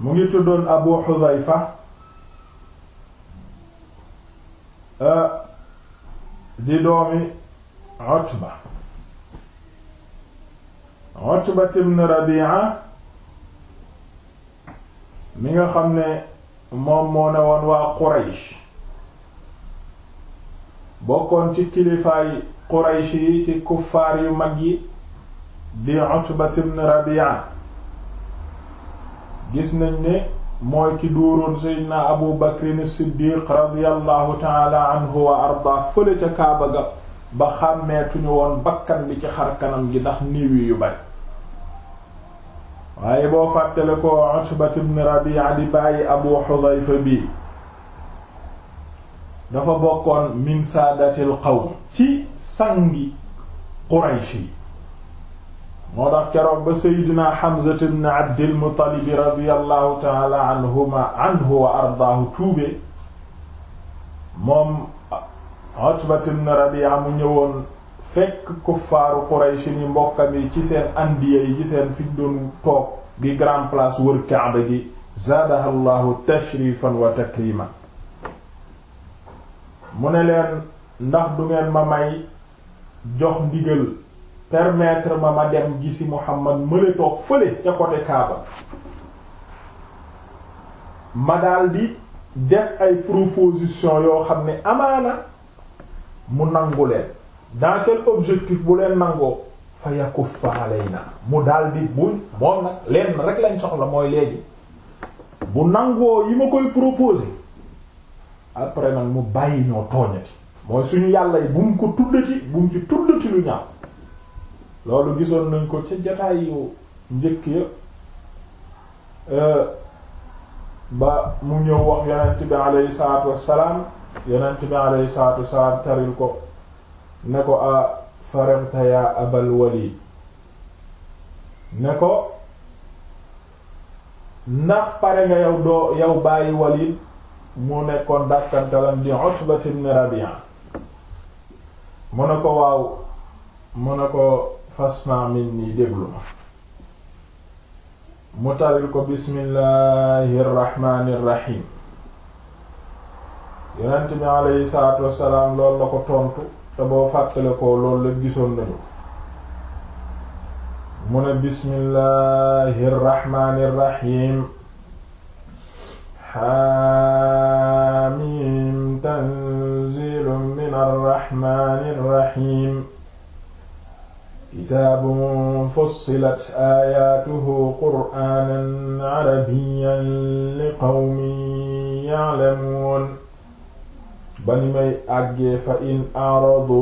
mu ngi tuddoon Abu Hudhayfa ah, di doomi mi nga xam ne moom moo ne woon waa Quraysh bokkoon ci kilifaay Quraysh yi ci kuffaar yu mag yi di Utba ibn Rabi'a gis nañ ne mooy ki dóoroon seydina abu bakrin siddiq radiallahu taala anhu wa arda fële ca kaaba ga ba xàmmeetuñu woon bakkan bi ci xar kanam gi ndax niiw yu bari waaye boo fàttale ko utbat ibn rabi'a di bàyyi abu xudayfa bi dafa bokkoon min saadatil ci sangi quraysh moo tax keroog ba seydina Hamza ibn Abdil Muttalib radiyallahu taala anhuma anhu wa ardaahu mu ñëwoon fekk kuffaaru Quraysh ni mbokkam yi ci seen andiya yi ci seen fi doon toog grand place wër Kaaba gi zaadaha llahu tashrifan wa takrima mu ne leen ndax du ngeen ma may jox ndigal permettre ma ma dem gisi Muhammad mële toog fële ca côté Kaaba ma daldi def ay proposition yoo xam ne amaana mu nangu leen dans quel objectif bu leen nangoo fa yakuffa alayna mu daldi buñ moom nag leen rek lañ soxla mooy léegi bu nangoo yi ma koy proposer après nag mu bàyyi ñoo tooñati mooy suñu yàlla yi bu mu ko tuddati bu mu ci tuddati lu ñaaw loolu gisoon nañ ko ci jataayu njëkk ya euh, ba mu ñëw wax yonent bi alayhi salaatu wassalaam yonent bi alayhi salaatu wassalaam taril ko ne ko a faranta abal walid ne ko ndax pare nga yow doo yow bàyyi walid mu nekkoon dàkkantalam di Utba ibn Rabi'a mu ne ko waaw mu ne ko fasma minni déglu ma mu taril ko bismillahi rrahmani rrahim yonent bi aleyhi salaatu wassalaam loolu la ko tontu te boo fàttale ko loolu la gisoon mu ne bismillahi rrahmani rrahim xaamim min arrahmani kitaabun fussilat aayaatuhu qur'aanan arabiyyan liqawmin ya'lamuun ba ni may àggee fa in a'radu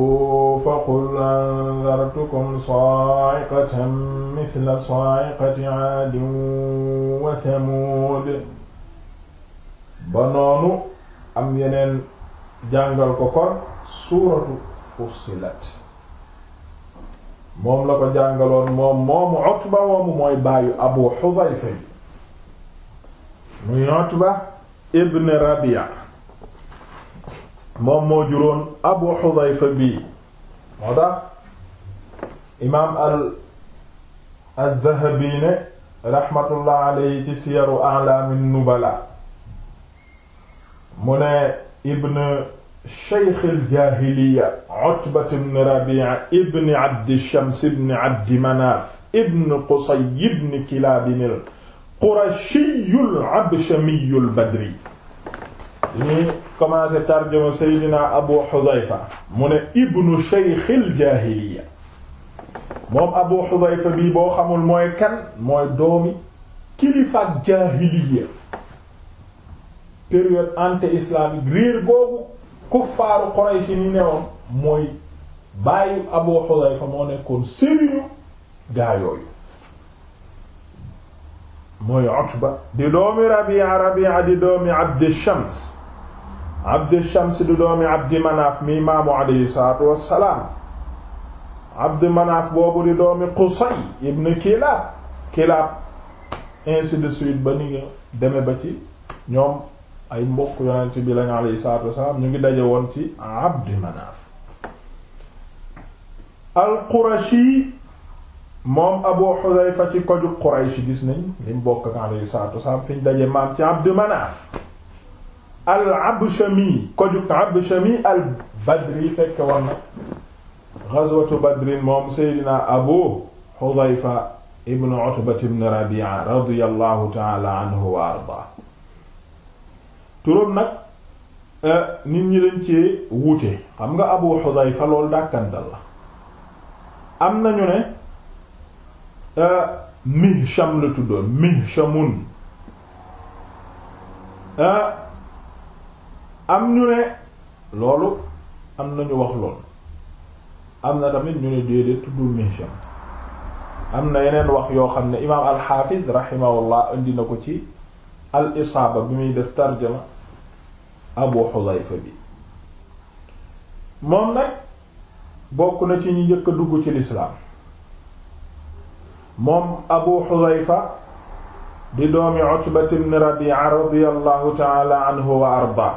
fa qul anzartukum saa'iqatan mithla saa'iqati 'aadin wa thamuud ba noonu am yeneen jàngal ko kon suuratu fussilat moom la ko jàngaloon moom moomu Utba moomu mooy baayu Abu Hudhayfa yi muy Utba ibn Rabia moom moo juróon Abu Hudhayfa bii moo tax imaam al az-Zahabi ne rahmatullah alayhi ci siyaru a'lam an-nubala mu ne ibn cheikh al-jaahiliya Utba ibn Rabi'a ibn Abdi Shams ibn Abdi Manaaf ibn Qusay ibn Kilaab al-Qurashi al-Abshami al-Badri ñuy commencé tarjuma Seydina Abu Hudhayfa mu ne ibnu cheikh al-jaahiliya moom Abu Hudhayfa bii boo xamul mooy kan mooy doomi kilifa jaahiliya période anté islamique riir googu kuffaaru Quraysh ni newoon mooy bàyyi Abu Hudayfa moo nekkoon sëriñu gaa yooyu mooy Utba di doomi Rabi'a Rabi'a di doomi Abd Shams Abd Shams di doomi Abd Manaf mi maamu alayhi salaatu wassalaam Abd Manaf boobu di doomi Qusay ibn Kilab Kilab ainsi de suite ba ni nga deme ba ci ñoom ay mbokk yonent bi lañu alayhi salaatu wassalaam ñu ngi daje woon ci Abd Manaf al-Qurashi moom Abu Hudhayfa ci koju Quraysh gis nañ lim bokk ak alayhi salaatu wassalaam fi ñu daje maam ci Abd Manaf al-Abshami koju Abshami al-Badri fekk war na ghazwatu Badrin moom Seydina Abu Hudhayfa ibn Utba ibn Rabi'a radiyallahu ta'ala anhu wa arda turam nag euh, nit ñi dañ ci wuute xam nga Abu Hudhayfa loolu dàkkantal la am nañu ne euh, Mihsham la tuddoon Mihshamun euh, am ñu ne loolu am nañu wax lool am na tamit ñu ne déedéet tuddul Mihsham am na yeneen wax yoo xam ne imaam al-Hafiz indi na ko ci al-Isaaba bi muy def tarjama abu moom nag bokk na ci ñu njëkk dugg ci lislaam moom abu xudayfa di doomi utbat ibn rabi'a radiyallahu ta'ala anhu wa arda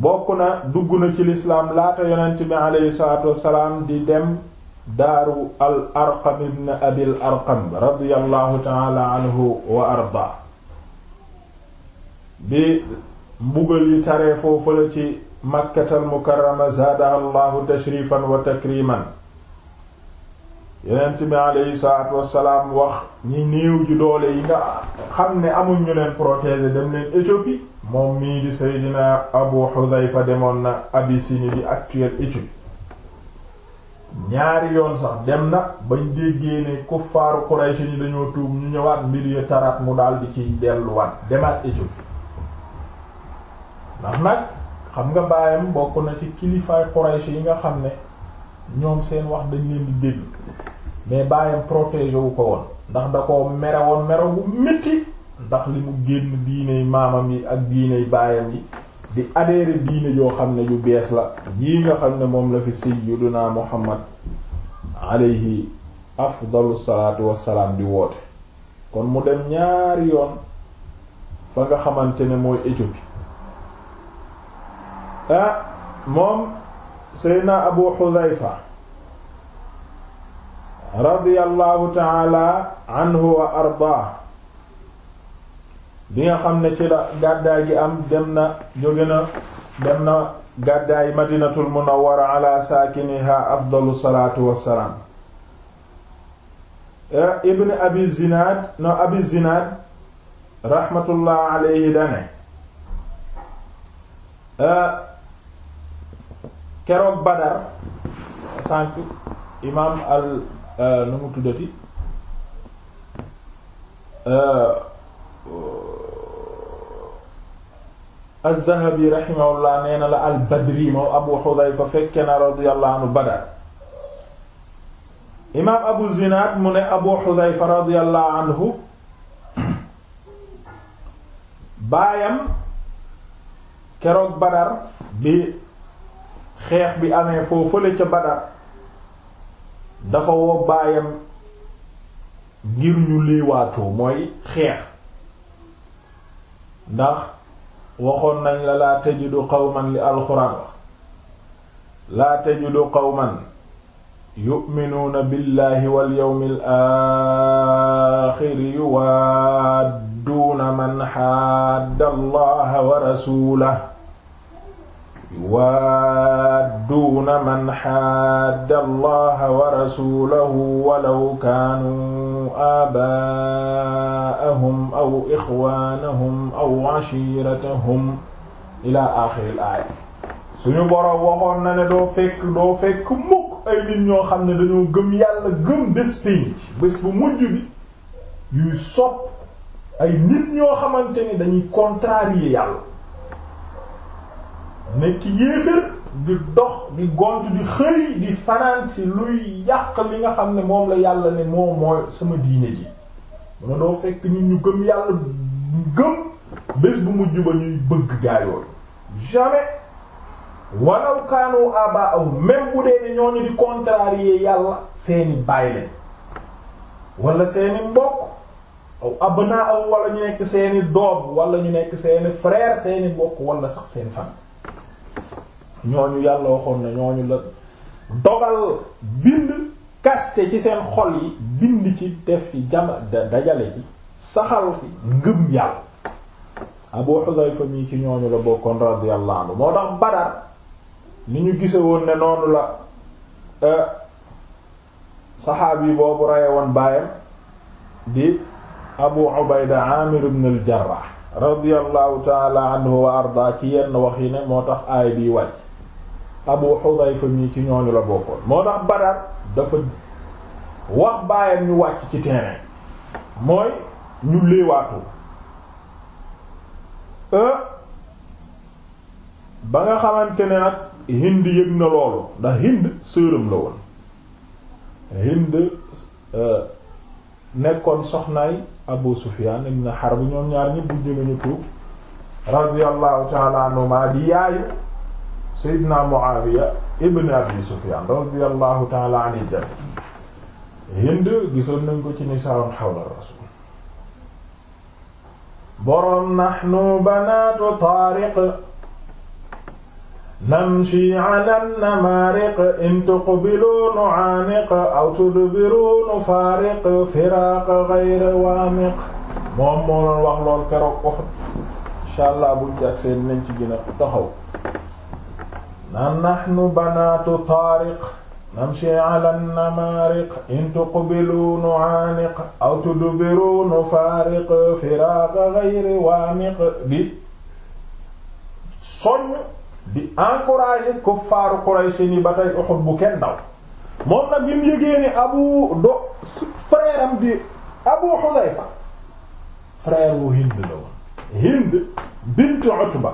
bokk na dugg na ci lislaam laata yonent bi aleyhi salaatu wassalaam di dem daaru al arqam ibn abil arqam radiyallahu ta'ala anhu wa arda bi mbugal yi taree foofu la ci makkatal mukarrama zaadaha allahu tashrifan wa takriman yeneent bi aleyhi salaatu wassalaam wax ñi néew ju doole yi nga xam ni amuñ ñu leen protéger dem leen Éthiopie moom mii di Seydina Abu Hudhayfa demoon na Abyssinie di actuelle Éthiopie ñaari yoon sax dem na bañ déggee ne kuffaaru Quraysh ni dañoo tuub ñu ñëwaat mbir yu taraat mu daal di ciy delluwaat demaat Éthiopie ndax nag xam nga baayam bokk na ci kilifaay Quraysh yi nga xam ne ñoom seen wax dañ leen di dégg mais baayam protégé wu ko woon ndax da ko mere woon mere wu ndax li mu génn diiney maamam yi ak diiney baayam yi di adhéré diine joo xam ne yu bees la jii nga xam ne moom la fi sayyiduna Muhammad alayhi afdalu salaatu wassalaam di woote kon mu dem ñaari yoon fa nga xamante ne mooy Éthiopie ah moom seydna abu xudayfa radiyallahu taala anhu wa ardaa bi nga xam ne ci la gàddaay gi am dem na jóge na dem na gàddaay madinatul munawwara ala saakiniha afdalu salaatu wassalaam ibn abi zinaad no abi zinaad rahmatullah alayhi dane keroog Badar sànq imaam al euh, nu mu tuddati euh, al-Dhahabi rahimahullah nee na la al-Badri moom Abu Hudhayfa fekke na radiyallahu anhu Badar imaam Abu Zinaad mu ne Abu Hudhayfa radiyallahu anhu baayam keroog Badar bi xeex bi amee foofale ca Badar dafa woo ngir ñu liiwaatoo mooy xeex ndax waxoon nañ la laa tajidu qawman li alxuraan wax laa tajidu qawman billaahi wal yawmil aaxiri yuwaadduuna man xaadda allaha wa rasuulahu waa duuna man xaadda allaha wa rasulahu walaw kaanuu aabaa'ahum aw ixwaanahum aw ashiiratahum ila aaxiril aaya suñu boroom waxoon na ne doo fekk doo fekk mukk ay nit ñoo xam ne dañoo gëm yàlla gëm bés pénc bés bu mujj bi yuy sopp ay nit ñoo xamante ni dañuy contrarier yàlla nekk yéefér di dox di gont di xëy di fanaan ci luy yàq li nga xam ne moom la yàlla ne moom mooy sama diine ji mun a doo fekk nit ñu gëm yàlla gëm bés bu mujj ba ñuy bëgg gaayooyu jamais walaw kaanu aba aw même bu dee ne ñooñu di contrarier yàlla seeni bàyyi leen wala seeni mbokk aw abna aw wala ñu nekk seeni doom wala ñu nekk seeni frère seeni mbokk wala sax seen famille ñooñu yàlla waxoon na ñooñu la dogal bind kaste ci seen xol yi bind ci def ci jama dajale ci saxal ci ngëm yàlla Abu Hudayfa mi ci ñooñu la bokkoon radiyallahu moo tax Badar ni ñu gise woon ne noonu la euh, saxaabi yi boobu reye woon baayam di Abu Ubayda Amir ibn al-Jarrah radiyallahu ta'ala anhu wa arda ci yenn wax yi ne moo tax aay bi wàcc Abu Hudayfa mii ci ñooñu la bokkoon moo tax Badar dafa wax baayam ñu wàcc ci terrain mooy ñu léewaatoo euh, ba nga xamante ne nag Hind yëg na loolu ndax Hind sëram la woon Hind euh, nekkoon soxnaay Abu Sufyan ibn Harb ñoom ñaar ñëpp bu jëme ñu tuub radiyallahu ta'ala anhuma di yaayu Seydina Muawiya ibn Abi Sufyan radiyallahu ta'ala anil jami Hind gisoon nañ ko ci nisaa'un hawla rasul boroom nahnu banaatu Taariq namshi ala namaariq in tuqbilu nu'aaniq aw tudbiru nufaariq firaaq ghayra waamiq moom moo doon wax lool keroog ko inshallah buñ ci ak seen nañ ci gën a taxaw naan nahnu banaatu taariq namshi ala namaariq in tuqbilu nu'aaniq aw tudbiru nufaariq firaaqa ghayri waamiq di soññ di encourager kuffaaru Quraysh ni ba tey Uhud bu kenn daw moom nag bi mu yëgee ne abu do frère am di abu Hudayfa frère wu Hind la woon Hind bint Utba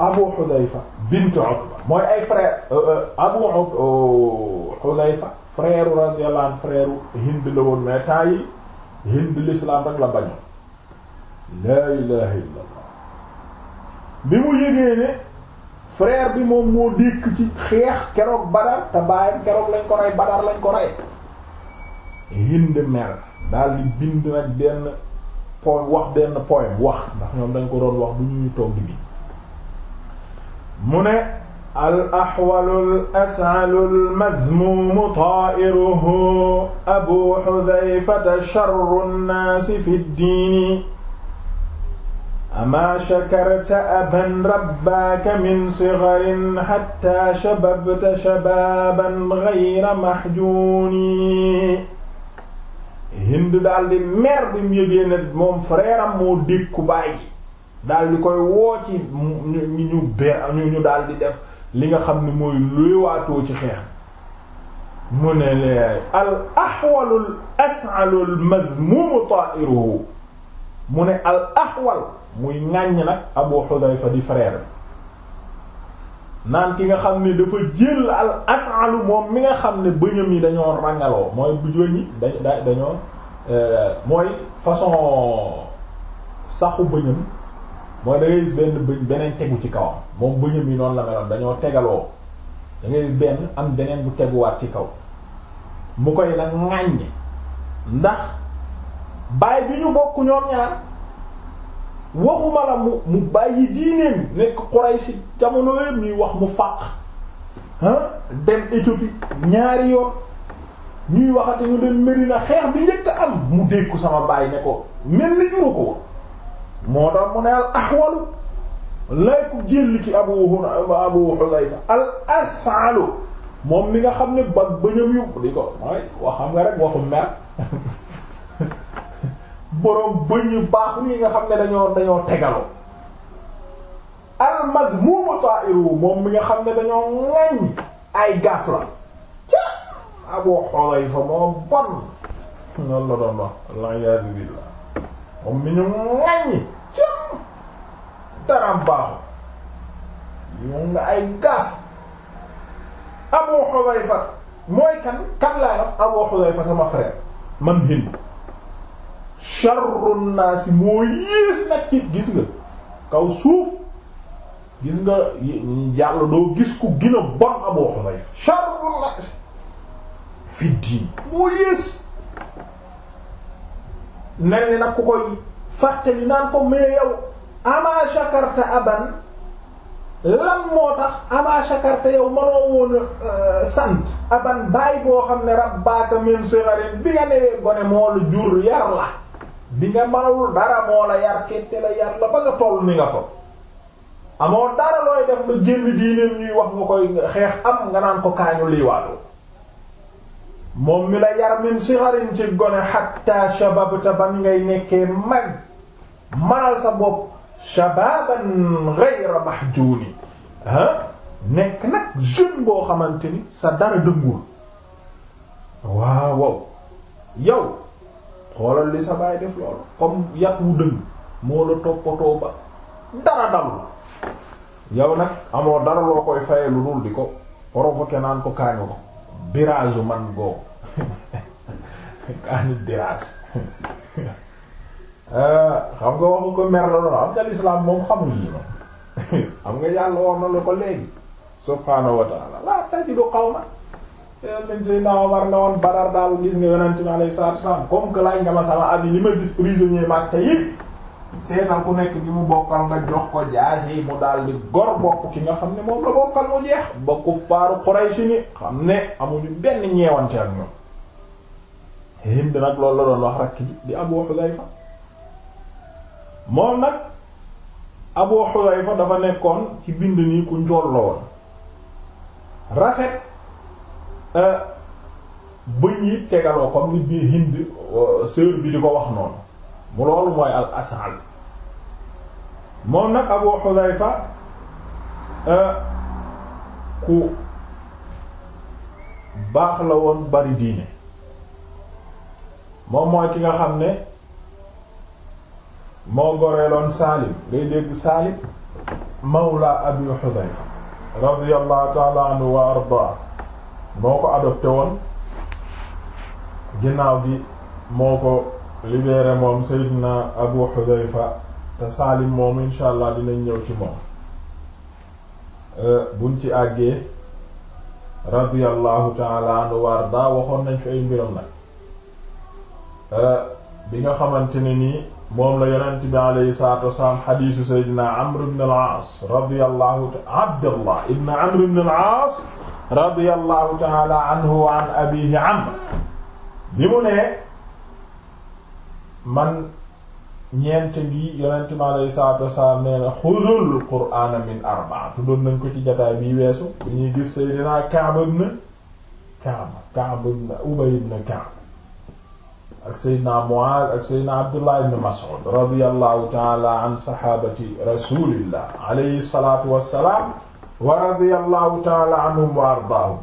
Abu Hudayfa bint Utba mooy ay frère euh, euh, Abu euh, Hudayfa frère radiyallahu anhu frère Hind la woon mais temps yi Hind l'islam rek la bañoon laa ilaha illa bi mu yégee ne frère bi moom moo dékk ci xeex keroog Badar te keroog lañ ko rey Badar lañ ko rey Hind mer daal di bind nag benn poème wax benn poème wax ndax ñoom dañ ko doon wax bu ñuy toog di mu ne al axwalu al as'alu al madhmuumu taa'iruhu abu xudayfata sharru nnaasi fi ddiini amaa shakarta aban rabbaaka min sigarin xatta shababta shabaaban gayra maxjuuni hind daldi mer bi mu yëgee ne moom frère am moo dékku bàyyi daal di koy woo ci ñu ñu be ñu daal di def li nga xam ne mooy léewaatoo ci xeex mu ne leey al axwalu l mazmumu ta'iruhu mu ne al axwal muy ŋàññ nag abu xudayfa di frère naan ki nga xam ne dafa jël al asalu moom mi nga xam ne bëñam yi dañoo rangaloo mooy bujoñ yi da dañoo euh, mooy façon saxu bëñam mooy da ngay gis benn bëñ beneen tegu ci kawam moom bëñam yi noonu la meloon dañoo tegaloo da ngay benn am beneen bu teguwaat ci kaw mu koy la ŋàññ ndax baay bi ñu bokk ñoom ñaar waxuma la mu mu bàyyi diineem nekk Quraysh jamono yëpp ñuy wax mu fàq dem Éthiopie ñaari yoon ñuy waxati ñu dem Medina xeex bi njëkk am mu dékku sama baay ne ko mel ni juru ko moo tax mu ne al ahwalu lay ku jël ki abu abu Hudayfa al as'alu moom li nga xam ne ba bëñëm yu di ko mooy wax xam nga rek waxu mer boroom bëñ yu baax nga xam ne dañoo dañoo tegaloo al mazmumu ta'iru moom mi nga xam ne dañoo ŋañ ay gaaf la ca abu Hudayfa moo bon noonu la wax al a'yadu moom mi ñu ŋañ daraam baaxul moom nga ay gaaf Abu Hudayfa mooy kan kan laa wax Abu Hudayfa sama frère man Hind sharrun naas moo yées nag ci gis nga kaw suuf gis nga yàlla doo gis ku gën a bon Abu Hudayfa sharrun naas fi diin moo yées mel nag ku koy fàttali naan ko mais yow ama shakarta aban lan moo tax ama shakarta yow manoo woon euh, sant aban bàyyi boo xam ne rabbaka min sigharin bi nga newee gone moo la jur yar bi nga manawul dara moo la yar ceete la yar la ba nga toll ni nga toll amoo dara looy def nga génn diineem ñuy wax nga koy xeex am nga naan ko kaañu liiwaatoo moom mi la yar min sigharin ci gone hatta shababta ban ngay nekkee mag manal sa bopp shababan ghayra mahjuni ah nekk nag jeune boo xamante ni sa dara dëngul waaw waaw yow xoolal li sa baay def loolu comme yàq wu dëng moo la toppatoo ba dara dal yow nag amoo dara loo koy fayee lu dul di ko provoquer naan ko kaañu ko birage man googu kaani birage Euh, xam nga waxu ko mer la doon am nga lislaam moom xamul yi xam nga yàlla wax na la ko léegi subhaanahu wa taala laa tajidu qawman lañ say naaw war na woon Badar daal gis nga yonente bi alayhi salaatu wasallam comme que nga ma sama abi li ma gis prisonnier Makka yi seetal ku nekk gi mu bokkal nga jox ko jaasi mu daal di gor bokk ki nga xam ne moom la bokkal mu jeex bokku faaru Quraysh ni xam ne amuñu benn ñeewante ak ñoom Hind nag loolu la doon wax moom nag Abu Hudayfa dafa nekkoon ci bind nii ku njool la woon rafet euh, bëñ yi tegaloo comme ni bii Hind euh, sœur bi di ko wax noonu mu loolu mooy al asal moom nag Abu Hudayfa euh, ku baax la woon bari diine moom mooy ki nga xam ne moo goreeloon Saalim ngay dégg Saalim mawla Abi Hudayfa radiyallahu ta'ala anhu wa ardaa moo ko adopté woon ginnaaw gi moo ko libéré moom Seydina Abu Hudayfa te Saalim moom insha allah dinañ ñëw ci moom euh, buñ ci àggee radiyallahu ta'ala anhu wa ardaa waxoon nañ fi ay mbiram nag euh, bi nga xamante ne nii moom la yonent bi alayhi salaatu wasalaam xadiisu seydina amr ibn al-aas radiyallahu abdallah ibn amr ibn al-aas radiyallahu taala anhu wa an abihi amr bi mu ne man ñeent gi yonent bi alayhi salaatu wasalaam nee na xudul qur'aana min arba'a tuddoon nañ ko ci jotaay bii weesu bu ñuy gis seydina Ka'b ibn Ka'b Ka'b ibn Ubay ibn Ka'b ak seydna Muaaz ak seydna Abdullah ibn Mas'ud radiyallahu taala an sahabati rasulillah alayhi salatu wassalam wa radiyallahu taala anhum wa ardaahum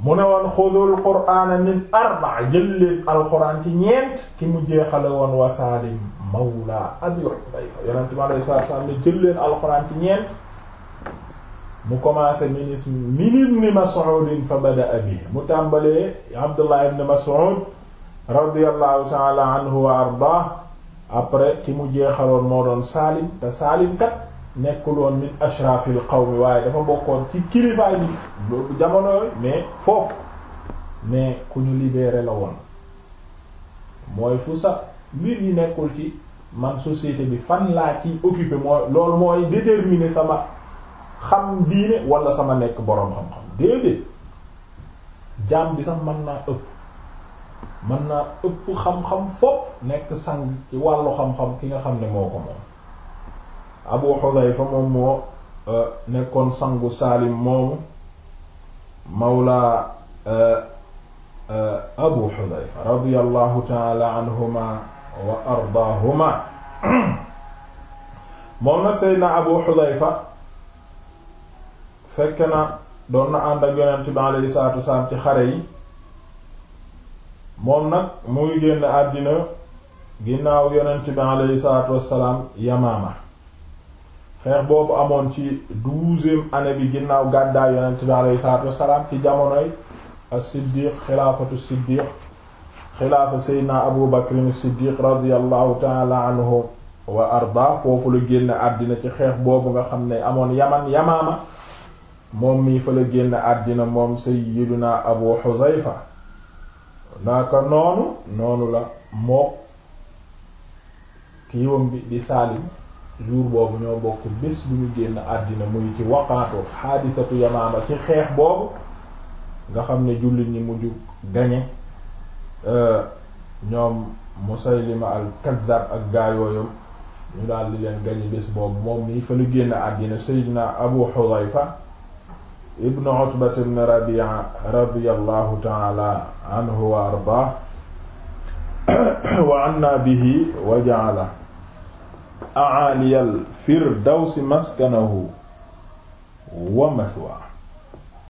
mu ne woon xudul qur'aana min arba' jëlleen alquran ci ñeent ki mu jeexale woon wa Saalim mawla Abi Hudayfa yonent bi alayhi salaatu wa salaam ne jëlleen alquran ci ñeent mu commencé min ismi min ibn Mas'ud fa bada'a bihi mu tàmbalee Abdullah ibn Mas'ud radiyallahu ta'ala anhu wa après ki mu jeexaloon moo doon Saalim te Saalim kat nekkuloon min ashrafil qawmi waaye dafa bokkoon ci kilifaay bi jamono yooyu mais foofu mais ku ñu libéré la woon mooy fu sax mbir yi nekkul ci man société bi fan laa ciy occupé mooy loolu mooy déterminer sama xam diine wala sama nekk boroom xam-xam déedéet jaam bi sax mën naa ëpp mën naa ëpp xam-xam nekk sang ci wàllu xam ki nga xam ne moo ko Abu Hudayfa moom moo euh, nekkoon sangu Saalim moomu mawla euh, euh, Abu Hudayfa radiyallahu ta'ala anhuma wa ardaahuma moom nag Abu Hudayfa fekk na doon na ànd ak Yonent bi salaam ci xare yi moom nag muy génn àddina ginnaaw yonent bi aleyhi salaatu wassalaam yamaama xeex boobu amoon ci douzième année bi ginnaaw gàddaay yonent bi aleyhi salaatu wassalaam ci jamonoy as-siddiq xilaafatu siddiq xilaafa seydna abu bakrin siddiq radiallahu taala anhu wa arda foofu la génn àddina ci xeex boobu nga xam ne amoon yaman yamaama moom mii fa la génn àddina moom sayyiduna abu xuzayfa ko noonu noonu la moo kiiwam bi di saalim jour boobu ñoo bokk bés bu ñu génn àddina muy ci waqaatu xaadisatu yamaama ci xeex boobu nga xam ne jullit ñi mujj gañe euh, ñoom musaylima al kazzab ak gaayooyu ñu daal di leen gañe bés boobu moom nii fa lu génn àddina seydina abu xudayfa ibnu Utbata ibn Rabi'a radiyallahu ta'ala anhu wa ardaa wa anna bihi wa ja'ala a'aliyal firdawsi maskanahu wa mathwaahu